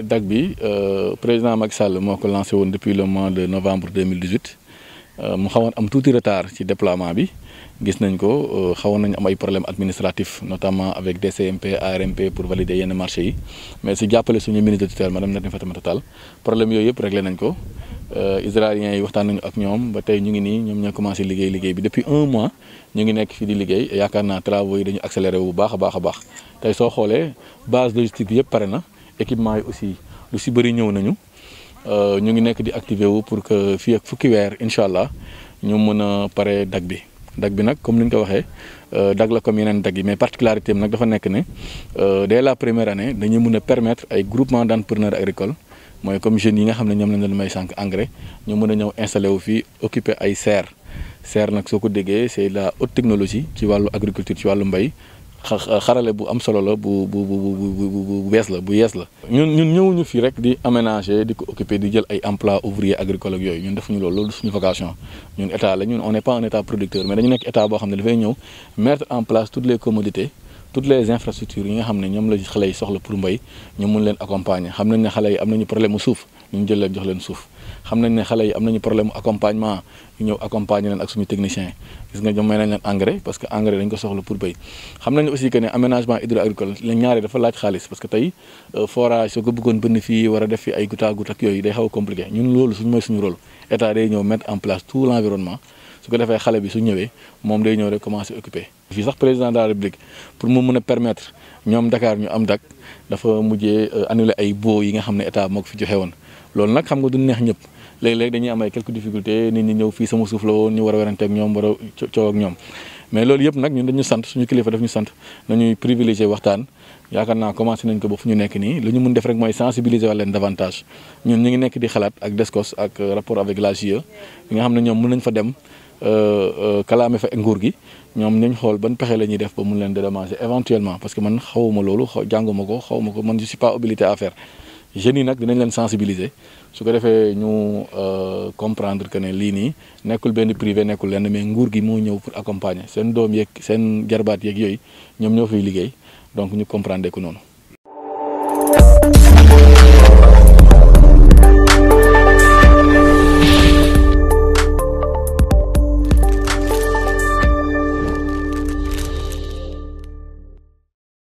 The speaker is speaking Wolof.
DAG, bi euh, président Macky Sall moo lancé depuis le mois de novembre 2018 euh, mu xawoon am tuuti retard ci déploiement bi gis nañ ko euh, xawoon am ay problèmes administratifs notamment avec DCMP ARMP pour valider yenn marché mais si jàppale suñu ministre de tutelle madame Ndeye Fatoumata Tall problème yooyu yëpp réglé nañ ko israéliens yi parlé avec ak et ba avons ñu ngi commencé à travailler. bi depuis un mois ñu ngi nekk fii di liggéey yaakaar travaux yi dañu accéléré bu baax a baax a baax tey base logistique bi yëpp équipement yi aussi lu si bëri ñëw nañu euh, ñu ngi nekk di activer wu pour que fii ak fukki weer incha allah ñu mën a pare dag bi dag bi nag comme ni ñu ko waxee euh, dag la comme yeneen dag yi mais particularité am nag dafa nekk ne euh, dès la première année dañuy mën a permettre ay groupement d'entrepreneurs agricole mooy comme jeunes yi nga xam ne ñoom lañ leen may sànq engrais ñu mën a ñëw installé wu fii occuper ay serre serre nag soo ko déggee c'est la haute technologie ci wàllu agriculture ci wàllu mbay xarale bu am solo la bu bu bu bu bu bees la bu yees la. ñun ñun ñëwuñu fii rek di aménager di ko occuper di jël ay emploi ouvrier agricole ak yooyu ñun defuñu loolu loolu suñu vocation ñun état la ñun on est pas un état producteur mais dañu nekk état boo xam ne dafay ñëw mettre en place toutes les commodités. toutes les infrastructures yi nga xam ne ñoom la xale yi soxla pour mbay ñu mun leen accompagner xam nañ ne xale yi am nañu problème mu suuf ñu jël leen jox leen suuf xam nañ ne xale yi am nañu problème accompagnement ñu ñëw accompagner leen ak suñu technicien gis nga ñoom nañ leen engrais parce que engrais dañ ko soxla pour béy xam nañ aussi que ne aménagement hydro agricole la ñaare dafa laaj xaalis parce que tey euh, forage soo ko bëggoon bënn fii war a def fi ay goutte à goutte ak yooyu day xaw a compliqué ñun loolu suñu mooy suñu rôle état day ñëw mettre en place tout l'environnement su ko defee xale bi su ñëwee moom day ñëw rek commencé occupé. fii sax président de la république pour mu mën a permettre ñoom Dakar ñu am dak dafa mujjee euh, annulé ay boo yi nga xam ne état moo ko fi joxe woon loolu nag xam nga du neex ñëpp. léeg-léeg dañuy am ay quelques difficultés nit ñi ñëw fii sama suuf la woon ñu war a werante ak ñoom war a coow ak ñoom mais loolu yëpp nag ñun dañu sant suñu kilifa daf ñu sant nañuy privilégié waxtaan yaakaar naa commencé nañ ko ba fu ñu nekk nii ñu mun def rek mooy sensibiliser davantage ñun ñu ngi nekk di xalaat ak ak euh, rapport avec la e, nga xam ne ñoom nañ fa dem Euh, euh, kalaame fa nguur gi ñoom nañ xool ban pexe la ñuy def ba mun leen dédommager éventuellement parce que man xawuma loolu jànguma ko xawuma ko man je suis pas habilité à faire jeunes yi nag dinañ leen sensibiliser su ko defee ñu euh, comprendre que ne lii nii nekkul benn privé nekkul leen mais nguur gi moo ñëw pour accompagner seen doom yeeg seen jarbaat yeeg yooyu ñoom ñoo fiy liggéey donc ñu comprendre ko noonu